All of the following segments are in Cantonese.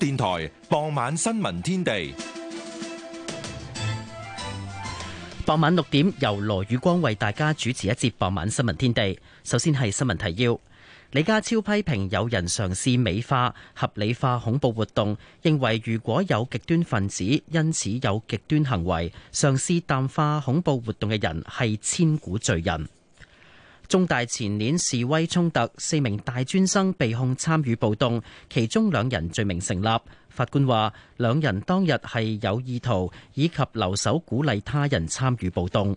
電台傍晚新聞天地，傍晚六點由羅宇光為大家主持一節傍晚新聞天地。首先係新聞提要：李家超批評有人嘗試美化、合理化恐怖活動，認為如果有極端分子，因此有極端行為，嘗試淡化恐怖活動嘅人係千古罪人。中大前年示威衝突，四名大專生被控參與暴動，其中兩人罪名成立。法官話：兩人當日係有意圖，以及留守鼓勵他人參與暴動。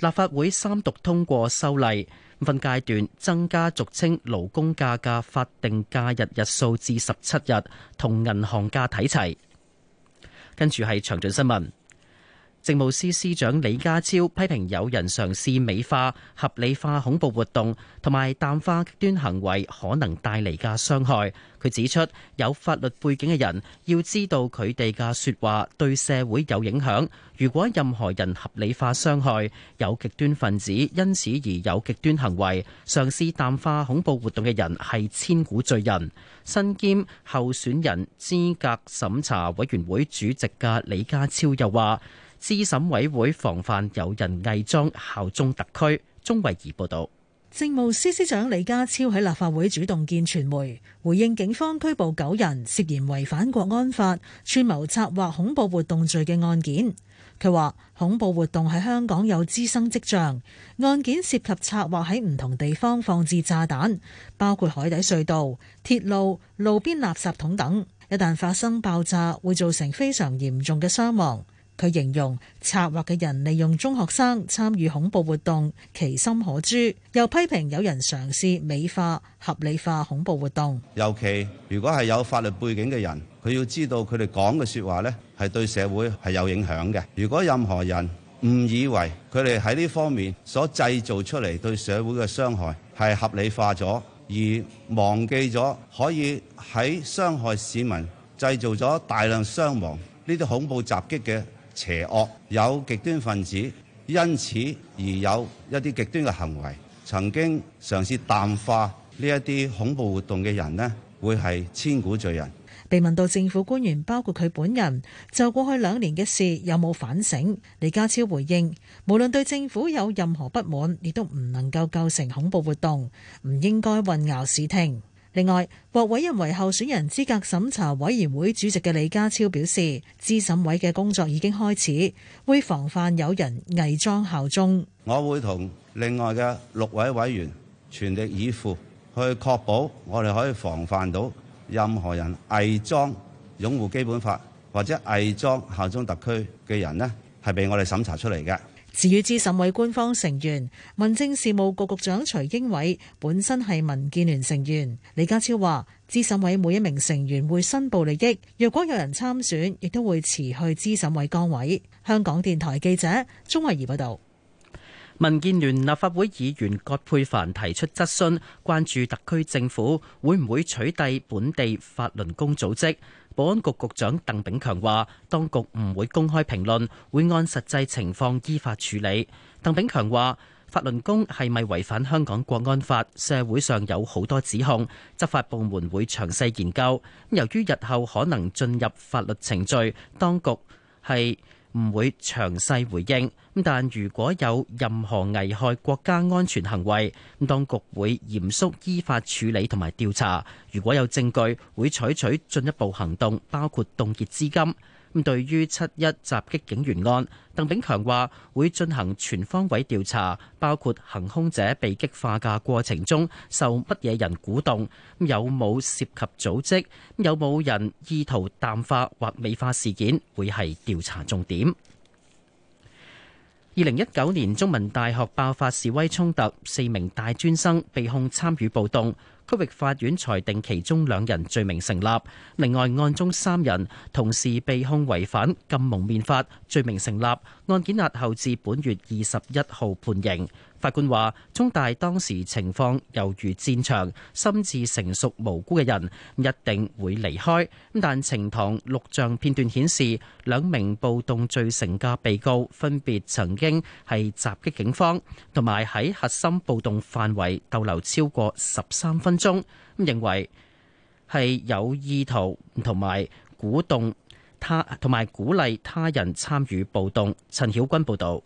立法會三讀通過修例，分階段增加俗稱勞工假嘅法定假日日數至十七日，同銀行假睇齊，跟住係詳盡新聞。政務司司長李家超批評有人嘗試美化、合理化恐怖活動，同埋淡化極端行為可能帶嚟嘅傷害。佢指出，有法律背景嘅人要知道佢哋嘅說話對社會有影響。如果任何人合理化傷害，有極端分子因此而有極端行為，嘗試淡化恐怖活動嘅人係千古罪人。身兼候選人資格審查委員會主席嘅李家超又話。資審委會防範有人偽裝效忠特區。鍾維儀報道，政務司司長李家超喺立法會主動見傳媒，回應警方拘捕九人涉嫌違反國安法、串謀策劃恐怖活動罪嘅案件。佢話恐怖活動喺香港有滋生跡象，案件涉及策劃喺唔同地方放置炸彈，包括海底隧道、鐵路、路邊垃圾桶等。一旦發生爆炸，會造成非常嚴重嘅傷亡。佢形容策劃嘅人利用中學生參與恐怖活動，其心可誅。又批評有人嘗試美化、合理化恐怖活動，尤其如果係有法律背景嘅人，佢要知道佢哋講嘅說話咧，係對社會係有影響嘅。如果任何人誤以為佢哋喺呢方面所製造出嚟對社會嘅傷害係合理化咗，而忘記咗可以喺傷害市民、製造咗大量傷亡呢啲恐怖襲擊嘅。邪惡有極端分子，因此而有一啲極端嘅行為。曾經嘗試淡化呢一啲恐怖活動嘅人呢，會係千古罪人。被問到政府官員包括佢本人就過去兩年嘅事有冇反省，李家超回應：「無論對政府有任何不滿，亦都唔能夠構成恐怖活動，唔應該混淆視聽。」另外，獲委任為候選人資格審查委員會主席嘅李家超表示，資審委嘅工作已經開始，會防範有人偽裝效忠。我會同另外嘅六位委員全力以赴去確保我哋可以防範到任何人偽裝擁護基本法或者偽裝效忠特區嘅人呢，係被我哋審查出嚟嘅。至於資審委官方成員，民政事務局局長徐英偉本身係民建聯成員。李家超話：資審委每一名成員會申報利益，若果有人參選，亦都會辭去資審委崗位。香港電台記者鍾慧儀報道。民建聯立法會議員葛珮帆提出質詢，關注特區政府會唔會取締本地法輪功組織。保安局局長鄧炳強話：當局唔會公開評論，會按實際情況依法處理。鄧炳強話：法輪功係咪違反香港國安法？社會上有好多指控，執法部門會詳細研究。由於日後可能進入法律程序，當局係唔會詳細回應，但如果有任何危害國家安全行為，當局會嚴肅依法處理同埋調查，如果有證據，會採取進一步行動，包括凍結資金。咁對於七一襲擊警員案，鄧炳強話會進行全方位調查，包括行兇者被激化嘅過程中受乜嘢人鼓動，有冇涉及組織，有冇人意圖淡化或美化事件，會係調查重點。二零一九年中文大學爆發示威衝突，四名大專生被控參與暴動。區域法院裁定其中兩人罪名成立，另外案中三人同時被控違反禁蒙面法，罪名成立，案件押後至本月二十一號判刑。法官話：中大當時情況猶如戰場，心智成熟無辜嘅人一定會離開。咁但呈堂錄像片段顯示，兩名暴動罪成嘅被告分別曾經係襲擊警方，同埋喺核心暴動範圍逗留超過十三分鐘。咁認為係有意圖同埋鼓動。他同埋鼓勵他人參與暴動，陳曉君報導。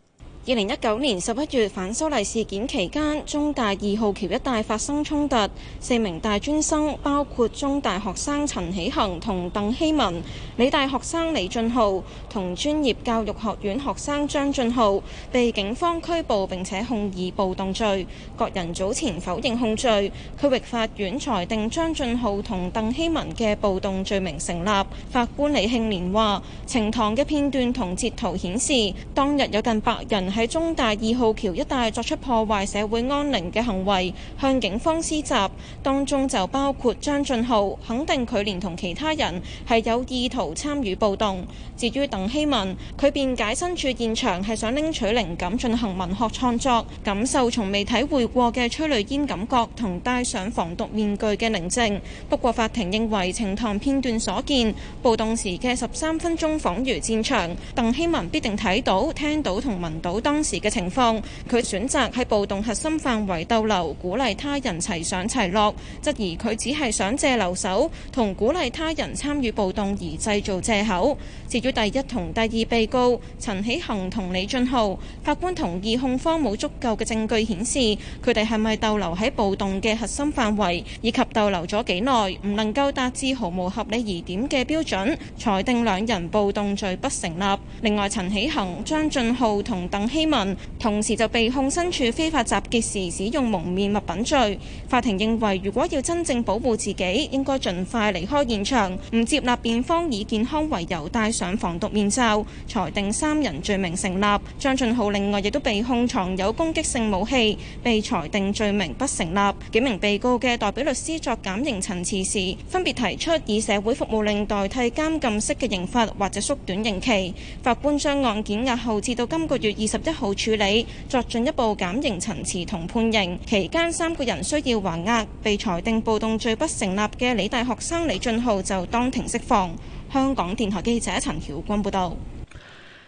二零一九年十一月反修例事件期間，中大二號橋一帶發生衝突，四名大專生，包括中大學生陳喜恒同鄧希文、理大學生李俊浩同專業教育學院學生張俊浩，被警方拘捕並且控以暴動罪。各人早前否認控罪，區域法院裁定張俊浩同鄧希文嘅暴動罪名成立。法官李慶年話呈堂嘅片段同截圖顯示，當日有近百人。喺中大二號橋一帶作出破壞社會安寧嘅行為，向警方施襲，當中就包括張俊浩，肯定佢連同其他人係有意圖參與暴動。至於鄧希文，佢辯解身處現場係想拎取靈感進行文學創作，感受從未體會過嘅催淚煙感覺同戴上防毒面具嘅寧靜。不過法庭認為呈堂片段所見，暴動時嘅十三分鐘恍如戰場，鄧希文必定睇到、聽到同聞到，當時嘅情況，佢選擇喺暴動核心範圍逗留，鼓勵他人齊上齊落，質疑佢只係想借留守同鼓勵他人參與暴動而製造借口。至於第一同第二被告陳喜恒同李俊浩，法官同意控方冇足夠嘅證據顯示佢哋係咪逗留喺暴動嘅核心範圍，以及逗留咗幾耐，唔能夠達至毫無合理疑點嘅標準，裁定兩人暴動罪不成立。另外，陳喜恒、張俊浩同鄧希望，同時就被控身處非法集結時使用蒙面物品罪。法庭認為，如果要真正保護自己，應該盡快離開現場，唔接納辯方以健康為由戴上防毒面罩。裁定三人罪名成立。張俊浩另外亦都被控藏有攻擊性武器，被裁定罪名不成立。幾名被告嘅代表律師作減刑陳詞時，分別提出以社會服務令代替監禁式嘅刑罰或者縮短刑期。法官將案件押後至到今個月二十一號處理作進一步減刑陳詞同判刑，期間三個人需要還押。被裁定暴動罪不成立嘅理大學生李俊浩就當庭釋放。香港電台記者陳曉君報道。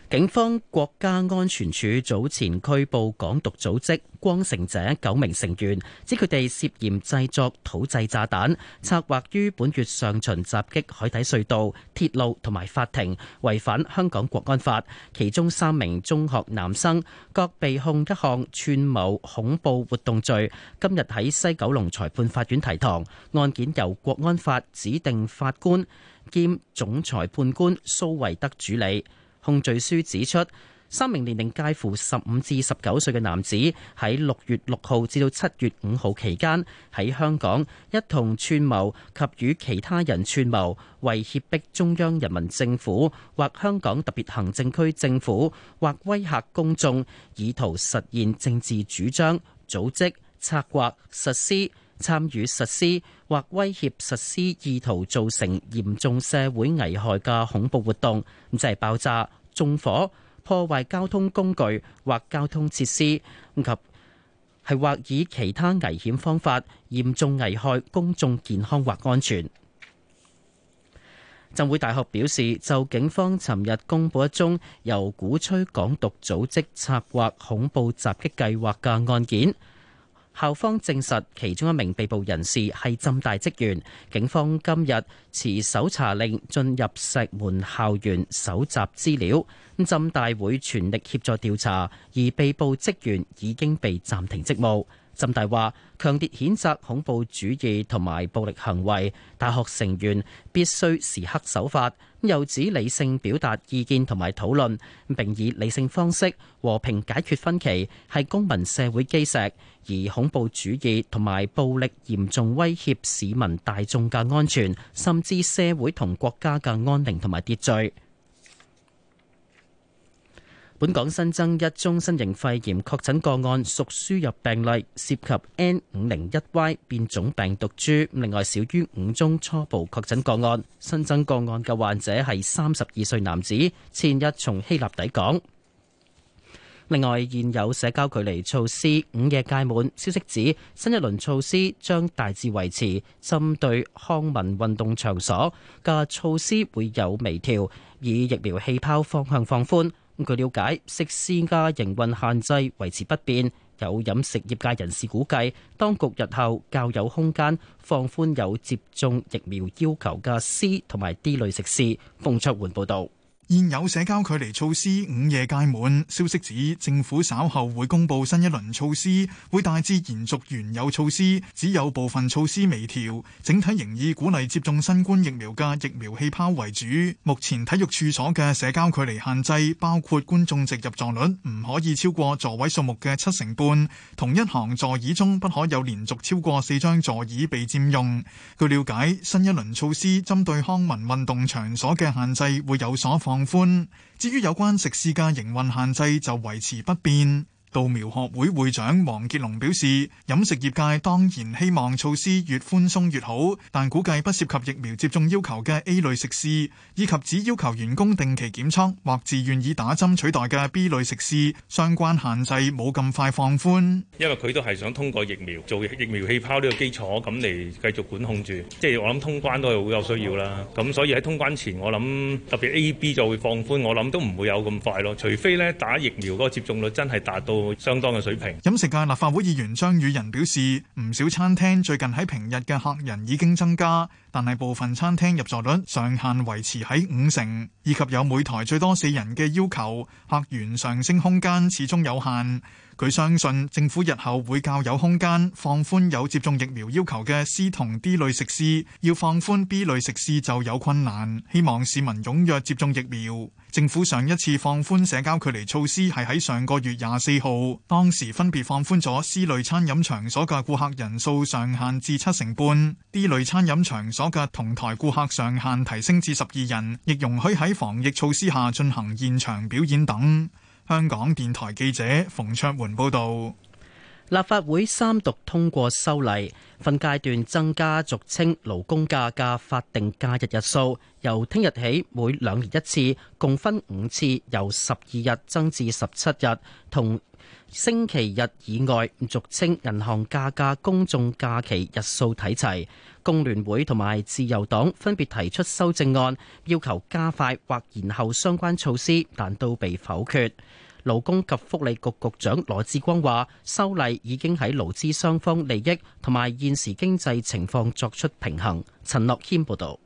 警方國家安全處早前拘捕港獨組織光城者九名成員，指佢哋涉嫌製作土製炸彈，策劃於本月上旬襲擊海底隧道、鐵路同埋法庭，違反香港國安法。其中三名中學男生各被控一項串謀恐怖活動罪。今日喺西九龍裁判法院提堂，案件由國安法指定法官兼總裁判官蘇維德主理。控罪書指出，三名年齡介乎十五至十九歲嘅男子喺六月六號至到七月五號期間，喺香港一同串謀及與其他人串謀，為脅迫中央人民政府或香港特別行政區政府，或威嚇公眾，以圖實現政治主張，組織策劃實施。參與實施或威脅實施意圖造成嚴重社會危害嘅恐怖活動，咁即係爆炸、縱火、破壞交通工具或交通設施，及係或以其他危險方法嚴重危害公眾健康或安全。浸會大學表示，就警方尋日公布一宗由鼓吹港獨組織策劃恐怖襲擊計劃嘅案件。校方證實其中一名被捕人士係浸大職員，警方今日持搜查令進入石門校園搜集資料，浸大會全力協助調查，而被捕職員已經被暫停職務。浸大話強烈譴責恐怖主義同埋暴力行為，大學成員必須時刻守法，又指理性表達意見同埋討論，並以理性方式和平解決分歧，係公民社會基石，而恐怖主義同埋暴力嚴重威脅市民大眾嘅安全，甚至社會同國家嘅安寧同埋秩序。本港新增一宗新型肺炎確診個案，屬輸入病例，涉及 N 五零一 Y 變種病毒株。另外，少於五宗初步確診個案。新增個案嘅患者係三十二歲男子，前日從希臘抵港。另外，現有社交距離措施午夜屆滿，消息指新一輪措施將大致維持，針對康文運動場所嘅措施會有微調，以疫苗氣泡方向放寬。據了解，食肆嘅營運限制維持不變。有飲食業界人士估計，當局日後較有空間放寬有接種疫苗要求嘅 C 同埋 D 類食肆。馮卓桓報導。現有社交距離措施午夜屆滿，消息指政府稍後會公布新一輪措施，會大致延續原有措施，只有部分措施微調，整體仍以鼓勵接種新冠疫苗嘅疫苗氣泡為主。目前體育處所嘅社交距離限制包括觀眾席入座率唔可以超過座位數目嘅七成半，同一行座椅中不可有連續超過四張座椅被佔用。據了解，新一輪措施針對康文運動場所嘅限制會有所放。放寬，至於有關食肆嘅營運限制就維持不變。道苗學會會長王杰龍表示：飲食業界當然希望措施越寬鬆越好，但估計不涉及疫苗接種要求嘅 A 類食肆，以及只要求員工定期檢測或自願以打針取代嘅 B 類食肆，相關限制冇咁快放寬，因為佢都係想通過疫苗做疫苗氣泡呢個基礎，咁嚟繼續管控住。即係我諗通關都係好有需要啦。咁所以喺通關前，我諗特別 A、B 就會放寬，我諗都唔會有咁快咯。除非咧打疫苗嗰個接種率真係達到。會相當嘅水平。飲食界立法會議員張宇人表示，唔少餐廳最近喺平日嘅客人已經增加。但係部分餐廳入座率上限維持喺五成，以及有每台最多四人嘅要求，客源上升空間始終有限。佢相信政府日後會較有空間放寬有接種疫苗要求嘅 C 同 D 類食肆，要放寬 B 類食肆就有困難。希望市民踴躍接種疫苗。政府上一次放寬社交距離措施係喺上個月廿四號，當時分別放寬咗 C 類餐飲場所嘅顧客人數上限至七成半，D 類餐飲場所，嘅同台顧客上限提升至十二人，亦容許喺防疫措施下進行現場表演等。香港電台記者馮卓桓報道，立法會三讀通過修例，分階段增加俗稱勞工假嘅法定假日日數，由聽日起每兩年一次，共分五次，由十二日增至十七日，同星期日以外俗稱銀行假嘅公眾假期日數睇齊。工聯會同埋自由黨分別提出修正案，要求加快或延後相關措施，但都被否決。勞工及福利局局長羅致光話：修例已經喺勞資雙方利益同埋現時經濟情況作出平衡。陳樂謙報道：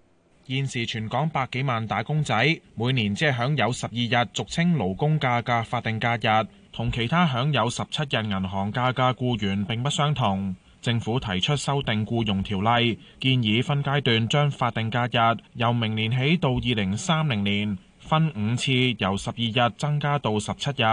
現時全港百幾萬打工仔，每年只係享有十二日俗稱勞工假嘅法定假日，同其他享有十七日銀行假嘅僱員並不相同。政府提出修訂雇傭條例，建議分階段將法定假日由明年起到二零三零年分五次由十二日增加到十七日。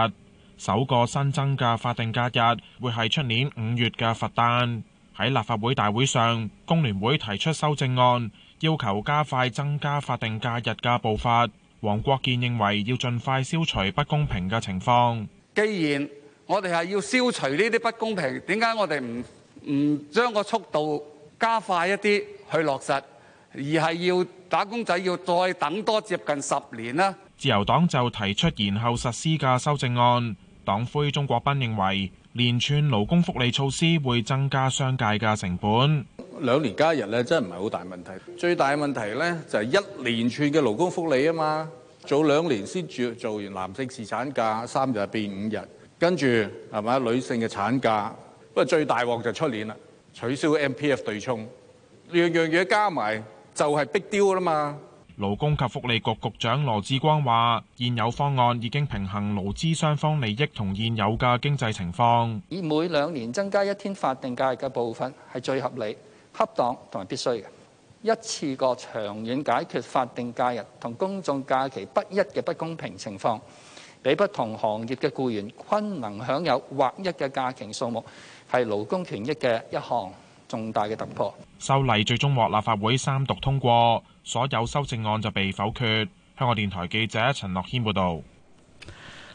首個新增嘅法定假日會係出年五月嘅佛誕。喺立法會大會上，工聯會提出修正案，要求加快增加法定假日嘅步伐。黃國健認為要盡快消除不公平嘅情況。既然我哋係要消除呢啲不公平，點解我哋唔唔將個速度加快一啲去落實，而係要打工仔要再等多接近十年啦。自由黨就提出延後實施嘅修正案。黨魁鍾國斌認為連串勞工福利措施會增加商界嘅成本。兩年加一日咧，真係唔係好大問題，最大問題咧，就係一連串嘅勞工福利啊嘛。早兩年先住做完男性侍產假三日變五日，跟住係咪女性嘅產假。咁啊！最大鑊就出年啦，取消 MPF 對沖，兩樣樣嘢加埋就係逼丟啦嘛。勞工及福利局局，局長羅致光話，現有方案已經平衡勞資雙方利益同現有嘅經濟情況，以每兩年增加一天法定假日嘅部分係最合理、恰當同埋必須嘅。一次過長遠解決法定假日同公眾假期不一嘅不公平情況，俾不同行業嘅僱員均能享有劃一嘅假期數目。係勞工權益嘅一項重大嘅突破。修例最終獲立法會三讀通過，所有修正案就被否決。香港電台記者陳樂軒報導。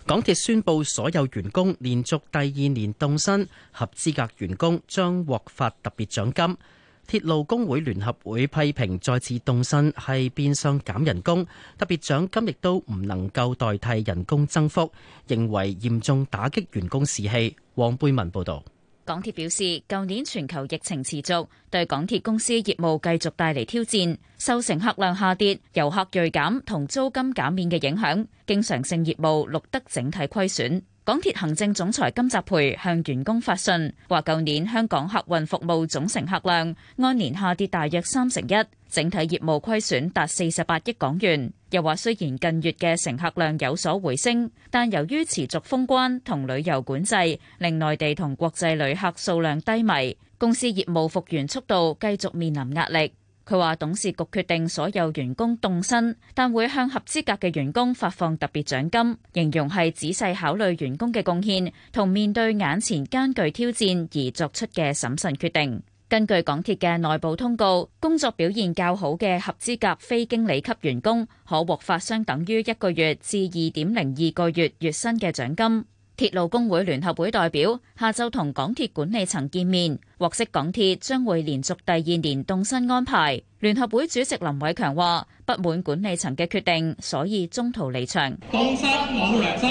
港鐵宣布所有員工連續第二年凍薪，合資格員工將獲發特別獎金。鐵路工會聯合會批評再次凍薪係變相減人工，特別獎金亦都唔能夠代替人工增幅，認為嚴重打擊員工士氣。黃貝文報導。港鐵表示，舊年全球疫情持續，對港鐵公司業務繼續帶嚟挑戰，受乘客量下跌、遊客銳減同租金減免嘅影響，經常性業務錄得整體虧損。港鐵行政總裁金澤培向員工發信，話舊年香港客運服務總乘客量按年下跌大約三成一，整體業務虧損達四十八億港元。又話雖然近月嘅乘客量有所回升，但由於持續封關同旅遊管制，令內地同國際旅客數量低迷，公司業務復原速度繼續面臨壓力。佢話董事局決定所有員工凍薪，但會向合資格嘅員工發放特別獎金，形容係仔細考慮員工嘅貢獻同面對眼前艱巨挑戰而作出嘅審慎決定。根據港鐵嘅內部通告，工作表現較好嘅合資格非經理級員工可獲發相等於一個月至二點零二個月月薪嘅獎金。鐵路工會聯合會代表下晝同港鐵管理層見面，獲悉港鐵將會連續第二年凍薪安排。聯合會主席林偉強話：不滿管理層嘅決定，所以中途離場。凍薪冇良心，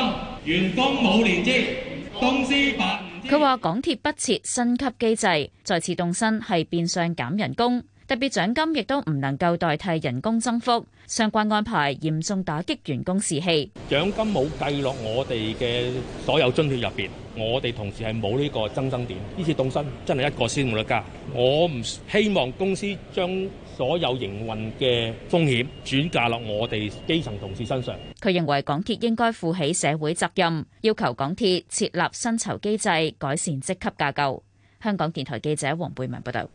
員工冇年資，公司辦。佢話港鐵不設薪級機制，再次凍薪係變相減人工。特別獎金亦都唔能夠代替人工增幅，相關安排嚴重打擊員工士氣。獎金冇計落我哋嘅所有津貼入邊，我哋同事係冇呢個增增點。呢次動身真係一個先冇得加，我唔希望公司將所有營運嘅風險轉嫁落我哋基層同事身上。佢認為港鐵應該負起社會責任，要求港鐵設立薪酬機制，改善職級架構。香港電台記者黃貝文報道。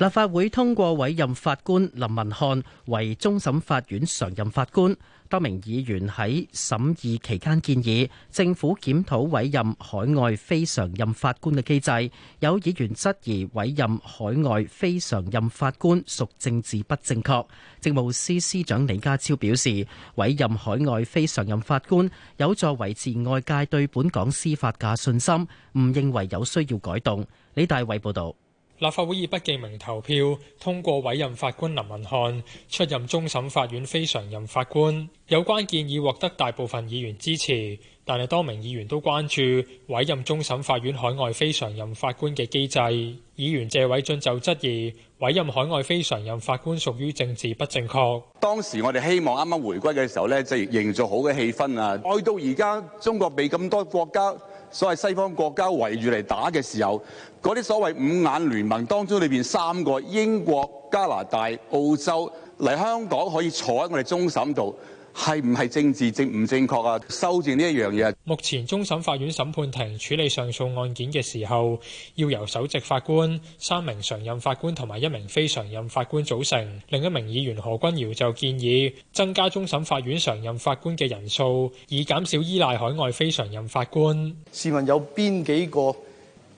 立法會通過委任法官林文漢為終審法院常任法官。多名議員喺審議期間建議政府檢討委任海外非常任法官嘅機制。有議員質疑委任海外非常任法官屬政治不正確。政務司司長李家超表示，委任海外非常任法官有助維持外界對本港司法嘅信心，唔認為有需要改動。李大偉報道。立法會議不記名投票通過委任法官林文漢出任終審法院非常任法官，有關建議獲得大部分議員支持，但係多名議員都關注委任終審法院海外非常任法官嘅機制。議員謝偉俊就質疑委任海外非常任法官屬於政治不正確。當時我哋希望啱啱回歸嘅時候呢，即係營造好嘅氣氛啊！捱到而家，中國畀咁多國家，所謂西方國家圍住嚟打嘅時候，嗰啲所謂五眼聯盟當中裏面三個英國、加拿大、澳洲嚟香港可以坐喺我哋終審度。係唔係政治正唔正確啊？修正呢一樣嘢。目前終審法院審判庭處理上訴案件嘅時候，要由首席法官、三名常任法官同埋一名非常任法官組成。另一名議員何君堯就建議增加終審法院常任法官嘅人數，以減少依賴海外非常任法官。試問有邊幾個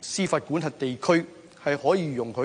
司法管轄地區係可以容許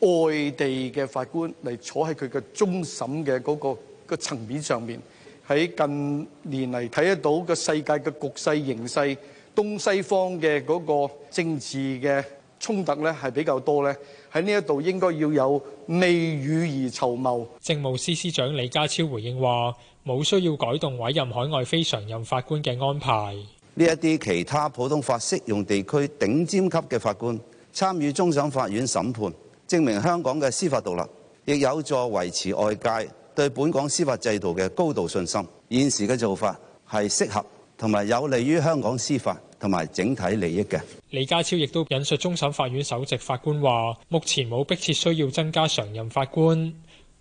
外地嘅法官嚟坐喺佢嘅終審嘅嗰個層面上面？喺近年嚟睇得到嘅世界嘅局勢形勢，東西方嘅嗰個政治嘅衝突咧，係比較多咧。喺呢一度應該要有未雨而綢繆。政務司司長李家超回應話，冇需要改動委任海外非常任法官嘅安排。呢一啲其他普通法適用地區頂尖級嘅法官參與終審法院審判，證明香港嘅司法獨立，亦有助維持外界對本港司法制度嘅高度信心，現時嘅做法係適合同埋有利於香港司法同埋整體利益嘅。李家超亦都引述終審法院首席法官話，目前冇迫切需要增加常任法官。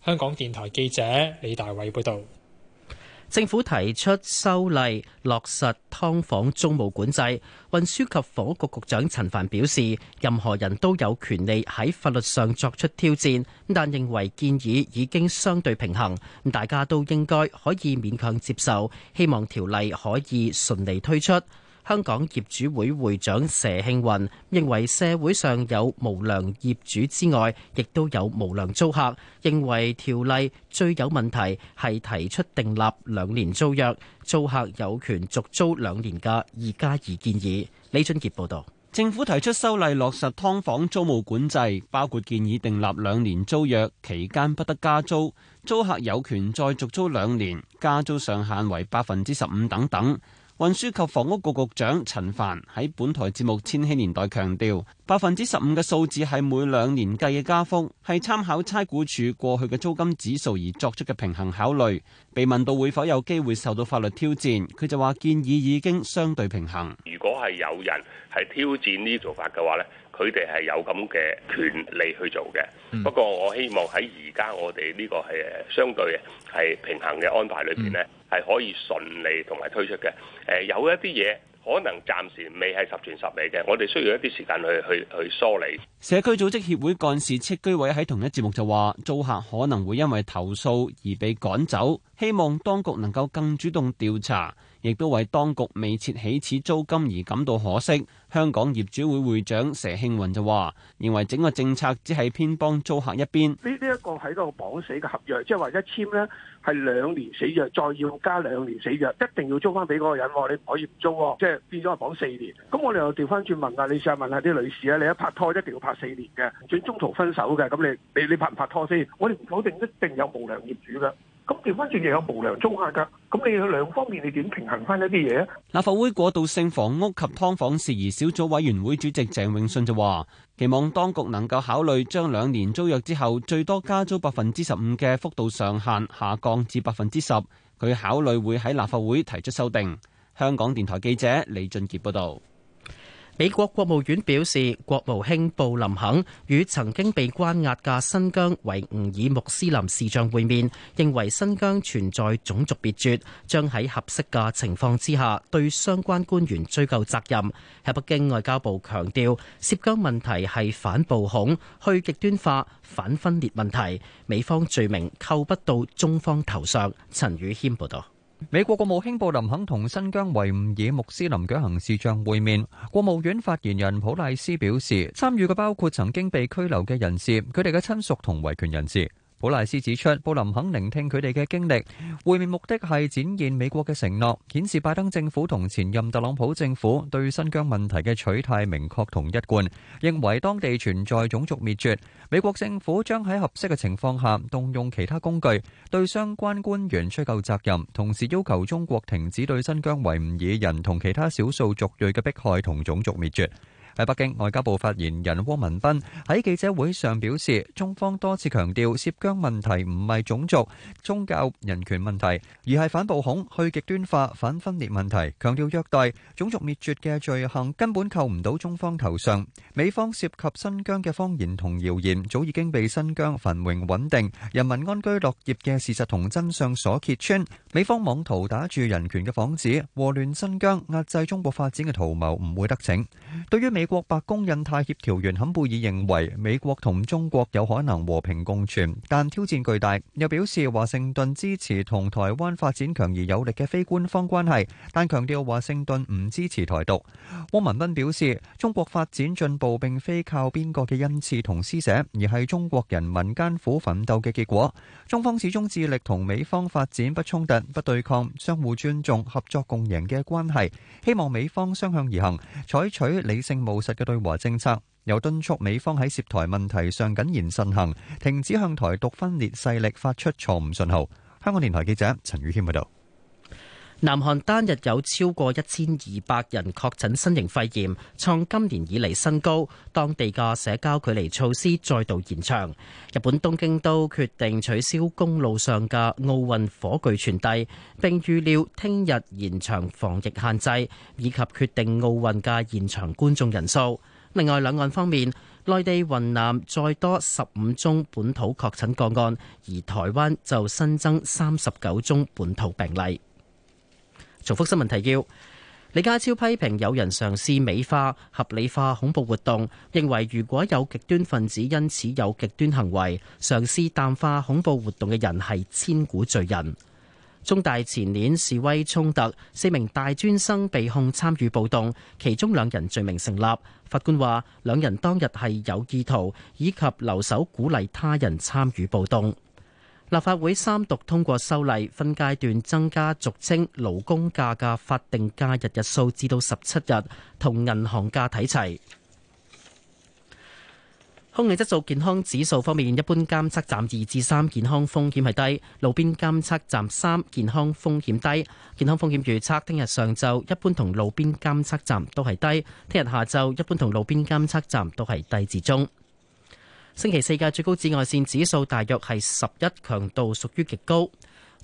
香港電台記者李大偉報導。政府提出修例落實劏房租務管制，運輸及房屋局局長陳帆表示，任何人都有權利喺法律上作出挑戰，但認為建議已經相對平衡，大家都應該可以勉強接受，希望條例可以順利推出。香港業主會會長佘慶雲認為，社會上有無良業主之外，亦都有無良租客。認為條例最有問題係提出訂立兩年租約，租客有權續租兩年嘅二加二建議。李俊杰報道，政府提出修例落實劏房租務管制，包括建議訂立兩年租約期間不得加租，租客有權再續租兩年，加租上限為百分之十五等等。運輸及房屋局局長陳帆喺本台節目《千禧年代》強調，百分之十五嘅數字係每兩年計嘅加幅，係參考差估處過去嘅租金指數而作出嘅平衡考慮。被問到會否有機會受到法律挑戰，佢就話建議已經相對平衡。如果係有人係挑戰呢做法嘅話佢哋係有咁嘅權利去做嘅，不過我希望喺而家我哋呢個係相對係平衡嘅安排裏邊咧，係可以順利同埋推出嘅。誒、呃，有一啲嘢可能暫時未係十全十美嘅，我哋需要一啲時間去去去梳理。社區組織協會幹事戚居委喺同一節目就話，租客可能會因為投訴而被趕走，希望當局能夠更主動調查。亦都為當局未設起始租金而感到可惜。香港業主會會長佘慶雲就話，認為整個政策只係偏幫租客一邊。呢呢一個喺度綁死嘅合約，即係話一簽呢係兩年死約，再要加兩年死約，一定要租翻俾嗰個人，你可以唔租，即係變咗係綁四年。咁我哋又調翻轉問啊，你試下問下啲女士啊，你一拍拖一定要拍四年嘅，轉中途分手嘅，咁你你你拍唔拍拖先？我哋唔否定一定有無良業主㗎。咁調翻轉又有無良租客㗎？咁你兩方面你點平衡翻一啲嘢？立法會過渡性房屋及劏房事宜小組委員會主席鄭永信就話：期望當局能夠考慮將兩年租約之後最多加租百分之十五嘅幅度上限下降至百分之十。佢考慮會喺立法會提出修訂。香港電台記者李俊傑報道。美國國務院表示，國務卿布林肯與曾經被關押嘅新疆維吾爾穆斯林視像會面，認為新疆存在種族滅絕，將喺合適嘅情況之下對相關官員追究責任。喺北京，外交部強調，涉疆問題係反暴恐、去極端化、反分裂問題，美方罪名扣不到中方頭上。陳宇謙報道。美國國務卿布林肯同新疆維吾爾穆斯林舉行視像會面，國務院發言人普賴斯表示，參與嘅包括曾經被拘留嘅人士，佢哋嘅親屬同維權人士。普賴斯指出，布林肯聆聽佢哋嘅經歷，會面目的係展現美國嘅承諾，顯示拜登政府同前任特朗普政府對新疆問題嘅取態明確同一貫，認為當地存在種族滅絕。美國政府將喺合適嘅情況下動用其他工具，對相關官員追究責任，同時要求中國停止對新疆維吾爾人同其他少數族裔嘅迫害同種族滅絕。喺北京，外交部發言人汪文斌喺記者會上表示，中方多次強調，涉疆問題唔係種族、宗教、人權問題，而係反暴恐、去極端化、反分裂問題。強調虐待、種族滅絕嘅罪行根本扣唔到中方頭上。美方涉及新疆嘅謊言同謠言，早已經被新疆繁榮穩定、人民安居樂業嘅事實同真相所揭穿。美方妄圖打住人權嘅幌子，禍亂新疆、壓制中國發展嘅圖謀唔會得逞。對於美美國白宮印太協調員坎貝爾認為，美國同中國有可能和平共存，但挑戰巨大。又表示華盛頓支持同台灣發展強而有力嘅非官方關係，但強調華盛頓唔支持台獨。汪文斌表示，中國發展進步並非靠邊個嘅恩賜同施捨，而係中國人民艱苦奮鬥嘅結果。中方始終致力同美方發展不衝突、不對抗、相互尊重、合作共贏嘅關係，希望美方相向而行，採取理性目務實嘅對華政策，又敦促美方喺涉台問題上謹言慎行，停止向台獨分裂勢力發出錯誤信號。香港電台記者陳宇軒報道。南韓單日有超過一千二百人確診新型肺炎，創今年以嚟新高。當地嘅社交距離措施再度延長。日本東京都決定取消公路上嘅奧運火炬傳遞，並預料聽日延長防疫限制，以及決定奧運嘅現場觀眾人數。另外，兩岸方面，內地雲南再多十五宗本土確診個案，而台灣就新增三十九宗本土病例。重複新聞提要：李家超批評有人嘗試美化、合理化恐怖活動，認為如果有極端分子因此有極端行為，嘗試淡化恐怖活動嘅人係千古罪人。中大前年示威衝突，四名大專生被控參與暴動，其中兩人罪名成立。法官話兩人當日係有意圖以及留守鼓勵他人參與暴動。立法會三讀通過修例，分階段增加俗稱勞工假嘅法定假日日數，至到十七日，同銀行假睇齊。空氣質素健康指數方面，一般監測站二至三，健康風險係低；路邊監測站三，健康風險低。健康風險預測：聽日上晝一般同路邊監測站都係低；聽日下晝一般同路邊監測站都係低至中。星期四嘅最高紫外線指數大約係十一，強度屬於極高。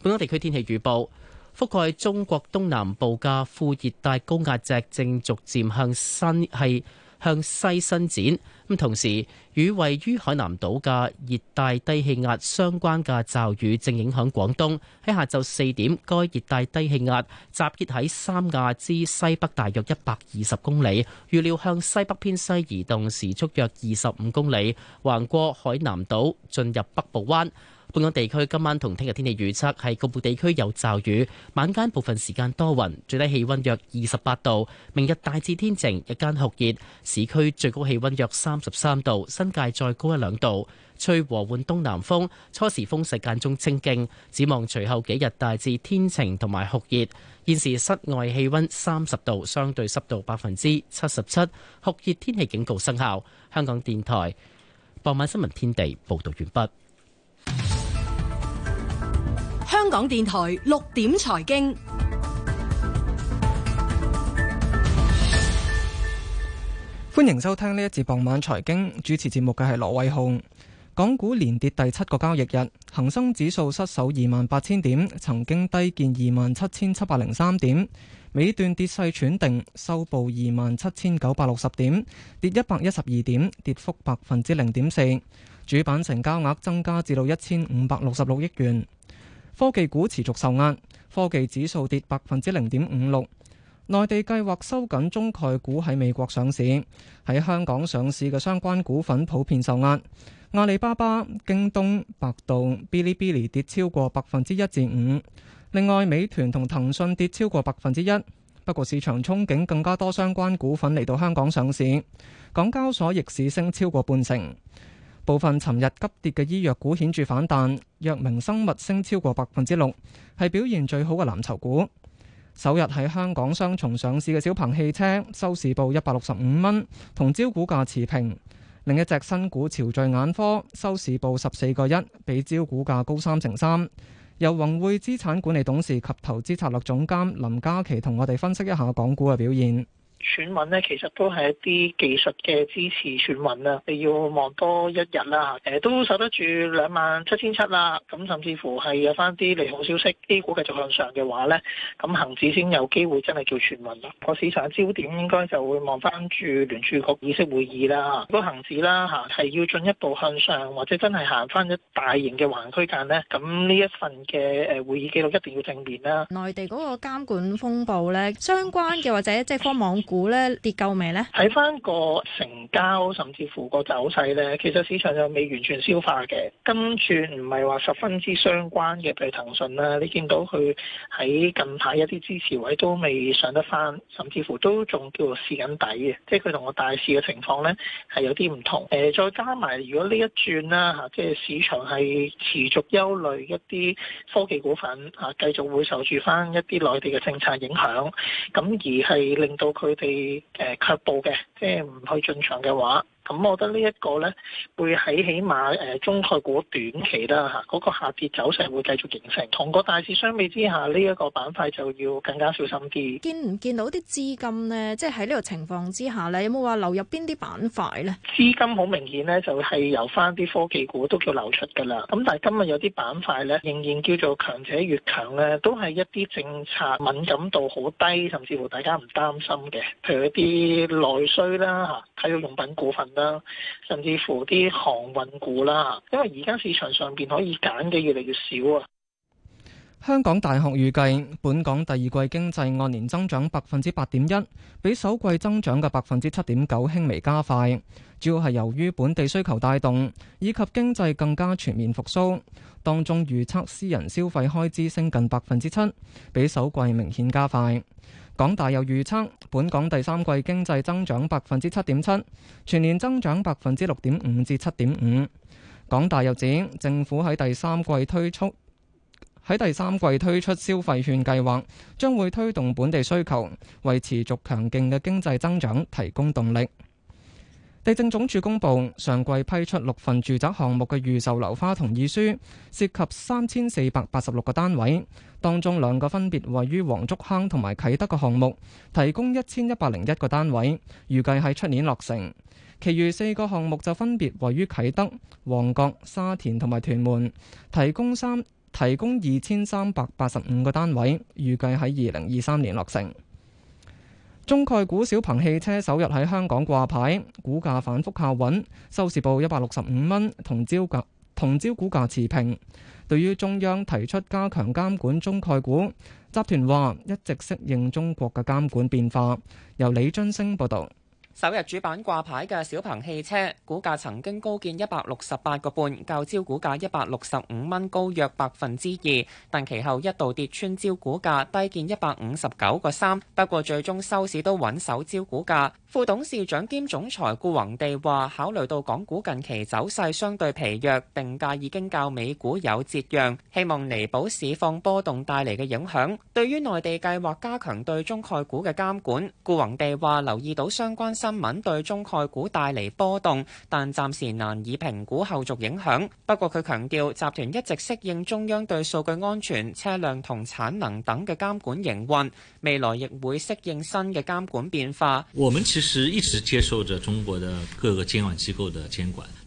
本港地區天氣預報覆蓋中國東南部嘅副熱帶高壓脊正逐漸向新系是向西伸展，咁同時與位於海南島嘅熱帶低氣壓相關嘅驟雨正影響廣東。喺下晝四點，該熱帶低氣壓集結喺三亞之西北大約一百二十公里，預料向西北偏西移動，時速約二十五公里，橫過海南島，進入北部灣。本港地區今晚同聽日天氣預測係局部地區有驟雨，晚間部分時間多雲，最低氣溫約二十八度。明日大致天晴，日間酷熱，市區最高氣溫約三十三度，新界再高一兩度。吹和緩東南風，初時風勢間中清勁。展望隨後幾日大致天晴同埋酷熱。現時室外氣溫三十度，相對濕度百分之七十七，酷熱天氣警告生效。香港電台傍晚新聞天地報道完畢。香港電台六點財經，歡迎收聽呢一節傍晚財經主持節目嘅係羅偉雄。港股連跌第七個交易日，恒生指數失守二萬八千點，曾經低見二萬七千七百零三點，尾段跌勢喘定，收報二萬七千九百六十點，跌一百一十二點，跌幅百分之零點四。主板成交額增加至到一千五百六十六億元。科技股持續受壓，科技指數跌百分之零點五六。內地計劃收緊中概股喺美國上市，喺香港上市嘅相關股份普遍受壓。阿里巴巴、京東、百度、Bilibili 跌超過百分之一至五。另外，美團同騰訊跌超過百分之一。不過，市場憧憬更加多相關股份嚟到香港上市，港交所逆市升超過半成。部分尋日急跌嘅醫藥股顯著反彈，藥明生物升超過百分之六，係表現最好嘅藍籌股。首日喺香港雙重上市嘅小鵬汽車收市報一百六十五蚊，同招股價持平。另一隻新股朝聚眼科收市報十四個一，比招股價高三成三。由宏匯資產管理董事及投資策略總監林嘉麒同我哋分析一下港股嘅表現。喘穩咧，其實都係一啲技術嘅支持喘穩啦。你要望多一日啦，誒，都守得住兩萬七千七啦。咁甚至乎係有翻啲利好消息，A 股繼續向上嘅話咧，咁恒指先有機會真係叫喘穩啦。個市場焦點應該就會望翻住聯儲局議息會議啦。如果恒指啦吓係要進一步向上，或者真係行翻一大型嘅橫區間咧，咁呢一份嘅誒會議記錄一定要正面啦。內地嗰個監管風暴咧，相關嘅或者即係方網。股咧跌夠未咧？睇翻個成交，甚至乎個走勢咧，其實市場又未完全消化嘅。跟住唔係話十分之相關嘅，譬如騰訊啦，你見到佢喺近排一啲支持位都未上得翻，甚至乎都仲叫做試緊底嘅，即係佢同個大市嘅情況咧係有啲唔同。誒，再加埋如果呢一轉啦嚇，即係市場係持續憂慮一啲科技股份啊，繼續會受住翻一啲內地嘅政策影響，咁而係令到佢。被誒卻步嘅，即係唔去進場嘅話。咁我覺得呢一個呢，會喺起碼中概股短期啦嚇，嗰個下跌走勢會繼續形成。同個大市相比之下，呢一個板塊就要更加小心啲。見唔見到啲資金呢？即係喺呢個情況之下你有冇話流入邊啲板塊呢？資金好明顯呢，就係由翻啲科技股都叫流出㗎啦。咁但係今日有啲板塊呢，仍然叫做強者越強呢，都係一啲政策敏感度好低，甚至乎大家唔擔心嘅，譬如一啲內需啦嚇，體育用品股份啦，甚至乎啲航運股啦，因為而家市場上邊可以揀嘅越嚟越少啊。香港大學預計，本港第二季經濟按年增長百分之八點一，比首季增長嘅百分之七點九輕微加快。主要係由於本地需求帶動，以及經濟更加全面復甦。當中預測私人消費開支升近百分之七，比首季明顯加快。港大又預測本港第三季經濟增長百分之七點七，全年增長百分之六點五至七點五。港大又指政府喺第三季推出喺第三季推出消費券計劃，將會推動本地需求，為持續強勁嘅經濟增長提供動力。地政總署公布，上季批出六份住宅項目嘅預售樓花同意書，涉及三千四百八十六個單位，當中兩個分別位於黃竹坑同埋啟德嘅項目，提供一千一百零一個單位，預計喺出年落成；其餘四個項目就分別位於啟德、旺角、沙田同埋屯門，提供三提供二千三百八十五個單位，預計喺二零二三年落成。中概股小鵬汽車首日喺香港掛牌，股價反覆下穩，收市報一百六十五蚊，同招價，同招股價持平。對於中央提出加強監管中概股，集團話一直適應中國嘅監管變化。由李津升報道。首日主板掛牌嘅小鵬汽車股價曾經高見一百六十八個半，較招股價一百六十五蚊高約百分之二，但其後一度跌穿招股價，低見一百五十九個三，不過最終收市都穩守招股價。副董事長兼總裁顧宏地話考慮到港股近期走勢相對疲弱，定價已經較美股有折讓，希望彌補市況波動帶嚟嘅影響。對於內地計劃加強對中概股嘅監管，顧宏地話留意到相關新新聞對中概股帶嚟波動，但暫時難以評估後續影響。不過佢強調，集團一直適應中央對數據安全、車輛同產能等嘅監管營運，未來亦會適應新嘅監管變化。我們其實一直接受着中國的各個監管機構的監管。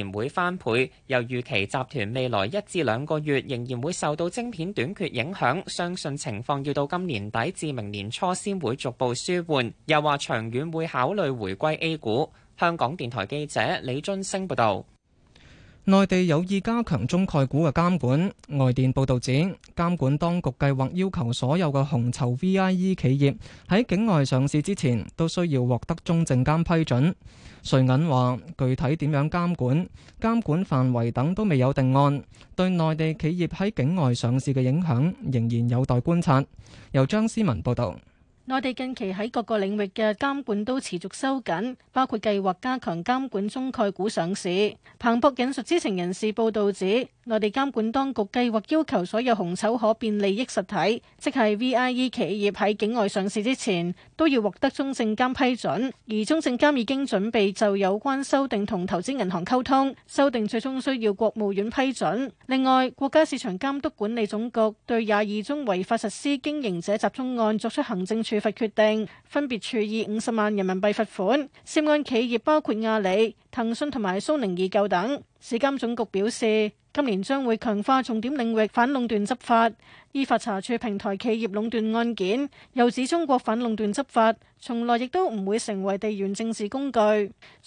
年會翻倍，又預期集團未來一至兩個月仍然會受到晶片短缺影響，相信情況要到今年底至明年初先會逐步舒緩。又話長遠會考慮回歸 A 股。香港電台記者李俊升報道。內地有意加強中概股嘅監管，外電報導指，監管當局計劃要求所有嘅紅籌 VIE 企業喺境外上市之前，都需要獲得中證監批准。瑞銀話，具體點樣監管、監管範圍等都未有定案，對內地企業喺境外上市嘅影響仍然有待觀察。由張思文報導。內地近期喺各個領域嘅監管都持續收緊，包括計劃加強監管中概股上市。彭博引述知情人士報導指，內地監管當局計劃要求所有紅籌可變利益實體，即係 VIE 企業喺境外上市之前，都要獲得中證監批准。而中證監已經準備就有關修訂同投資銀行溝通，修訂最終需要國務院批准。另外，國家市場監督管理總局對廿二宗違法實施經營者集中案作出行政處罰決定，分別處以五十萬人民幣罰款。涉案企業包括阿里、騰訊同埋蘇寧易購等。市監總局表示，今年將會強化重點領域反壟斷執法，依法查處平台企業壟斷案件。又指中國反壟斷執法從來亦都唔會成為地緣政治工具。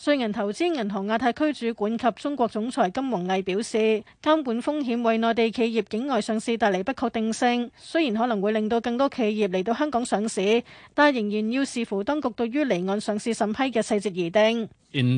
瑞銀投資銀行亞太區主管及中國總裁金宏毅表示，監管風險為內地企業境外上市帶嚟不確定性，雖然可能會令到更多企業嚟到香港上市，但仍然要視乎當局對於離岸上市審批嘅細節而定。In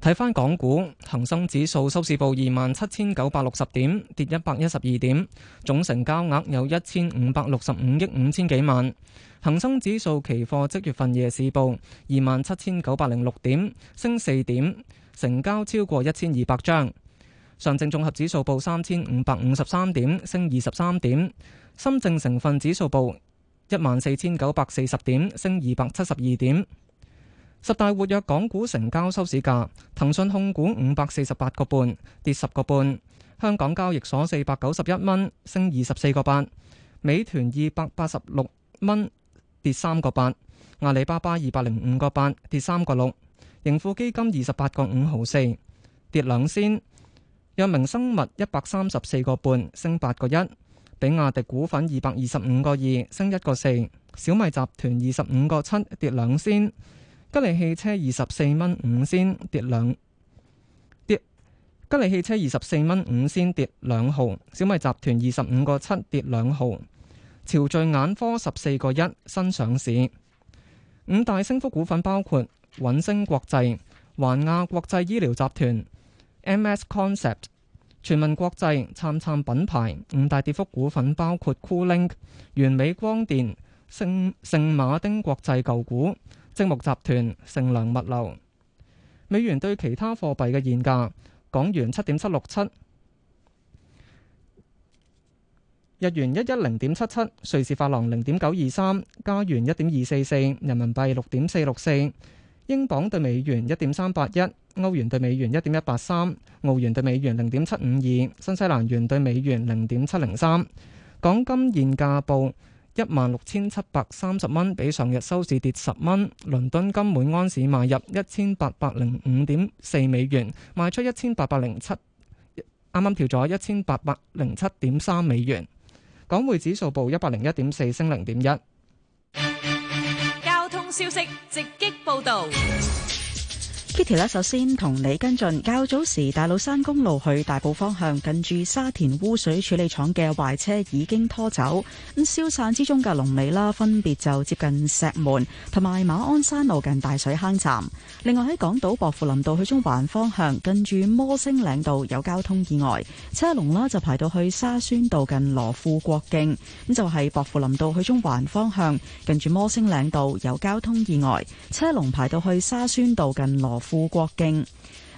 睇返港股，恆生指數收市報二萬七千九百六十點，跌一百一十二點，總成交額有一千五百六十五億五千幾萬。恆生指數期貨即月份夜市報二萬七千九百零六點，升四點，成交超過一千二百張。上證綜合指數報三千五百五十三點，升二十三點。深證成分指數報一萬四千九百四十點，升二百七十二點。十大活躍港股成交收市價，騰訊控股五百四十八個半跌十個半，香港交易所四百九十一蚊升二十四個半，美團二百八十六蚊跌三個八，阿里巴巴二百零五個半跌三個六，盈富基金二十八個五毫四跌兩仙，藥明生物一百三十四個半升八個一，比亞迪股份二百二十五個二升一個四，小米集團二十五個七跌兩仙。吉利汽車二十四蚊五仙跌兩跌，吉利汽車二十四蚊五仙跌兩毫。小米集團二十五個七跌兩毫。朝聚眼科十四個一新上市。五大升幅股份包括穩升國際、環亞國際醫療集團、MS Concept、全民國際、燦燦品牌。五大跌幅股份包括 Coolink、完美光電、聖聖馬丁國際舊股。積木集團、盛良物流。美元對其他貨幣嘅現價：港元七點七六七，日元一一零點七七，瑞士法郎零點九二三，加元一點二四四，人民幣六點四六四，英鎊對美元一點三八一，歐元對美元一點一八三，澳元對美元零點七五二，新西蘭元對美元零點七零三。港金現價報。一萬六千七百三十蚊，比上日收市跌十蚊。倫敦金每安士買入一千八百零五點四美元，賣出一千八百零七，啱啱調咗一千八百零七點三美元。港匯指數報一百零一點四，升零點一。交通消息直擊報道。Kitty 咧，首先同你跟進。較早時，大老山公路去大埔方向，近住沙田污水處理廠嘅壞車已經拖走。咁消散之中嘅龍尾啦，分別就接近石門同埋馬鞍山路近大水坑站。另外喺港島薄扶林道去中環方向，近住摩星嶺道有交通意外，車龍啦就排到去沙宣道近羅富國徑。咁就係、是、薄扶林道去中環方向，近住摩星嶺道有交通意外，車龍排到去沙宣道近羅。富國徑。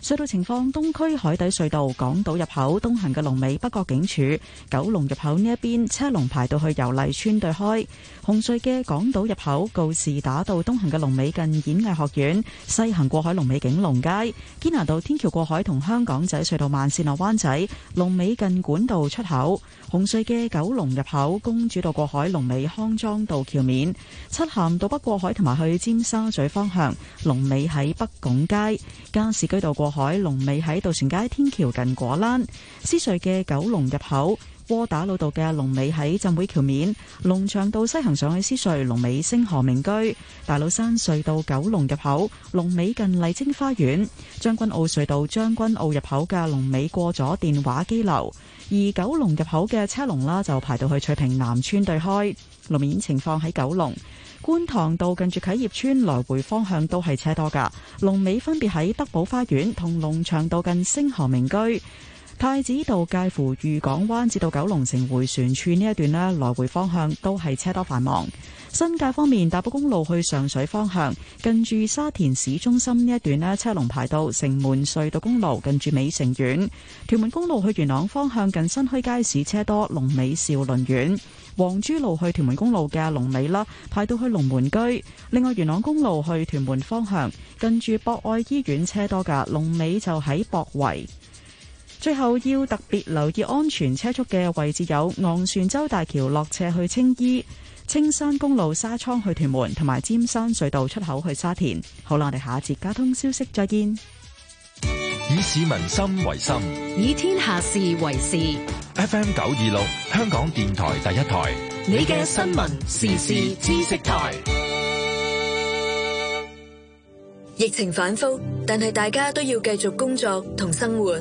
隧道情況：東區海底隧道港島入口東行嘅龍尾北角警署；九龍入口呢一邊車龍排到去油麗邨對開；紅隧嘅港島入口告士打道東行嘅龍尾近演藝學院；西行過海龍尾景隆街；堅拿道天橋過海同香港仔隧道慢綫落灣仔龍尾近管道出口。紅水嘅九龍入口，公主道過海，龍尾康莊道橋面；七咸道北過海同埋去尖沙咀方向，龍尾喺北拱街；加士居道過海，龍尾喺渡船街天橋近果欄；私隧嘅九龍入口。窩打老道嘅龍尾喺浸會橋面，龍翔道西行上去獅隧，龍尾星河名居；大老山隧道九龍入口，龍尾近麗晶花園；將軍澳隧道將軍澳入口嘅龍尾過咗電話機樓，而九龍入口嘅車龍啦就排到去翠屏南村對開。路面情況喺九龍觀塘道近住啟業邨，來回方向都係車多噶，龍尾分別喺德寶花園同龍翔道近星河名居。太子道介乎御港灣至到九龍城回旋處呢一段呢，來回方向都係車多繁忙。新界方面，大埔公路去上水方向，近住沙田市中心呢一段呢，車龍排到城門隧道公路，近住美城苑。屯門公路去元朗方向，近新墟街市車多，龍尾兆麟苑。黃珠路去屯門公路嘅龍尾啦，排到去龍門居。另外，元朗公路去屯門方向，近住博愛醫院車多噶，龍尾就喺博圍。最後要特別留意安全車速嘅位置有昂船洲大橋落斜去青衣、青山公路沙倉去屯門、同埋尖山隧道出口去沙田。好啦，我哋下一節交通消息再見。以市民心為心，以天下事為事。FM 九二六，香港電台第一台，你嘅新聞時事知識台。疫情反覆，但係大家都要繼續工作同生活，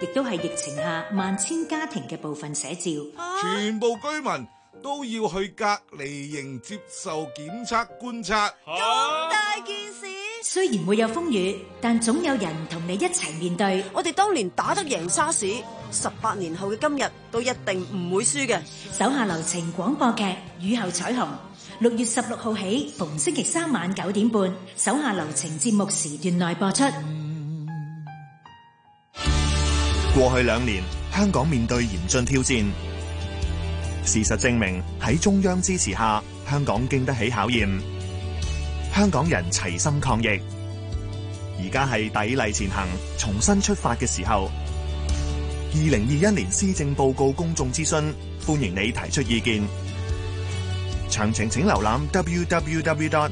亦都係疫情下萬千家庭嘅部分寫照。全部居民都要去隔離營接受檢測觀察，咁大件事。雖然會有風雨，但總有人同你一齊面對。我哋當年打得贏沙士，十八年後嘅今日都一定唔會輸嘅。手下留情廣播劇《雨後彩虹》，六月十六號起逢星期三晚九點半，手下留情節目時段內播出。過去兩年，香港面對嚴峻挑戰。事實證明，喺中央支持下，香港經得起考驗。香港人齊心抗疫，而家係砥礪前行、重新出發嘅時候。二零二一年施政報告公眾諮詢，歡迎你提出意見。詳情請瀏覽 www.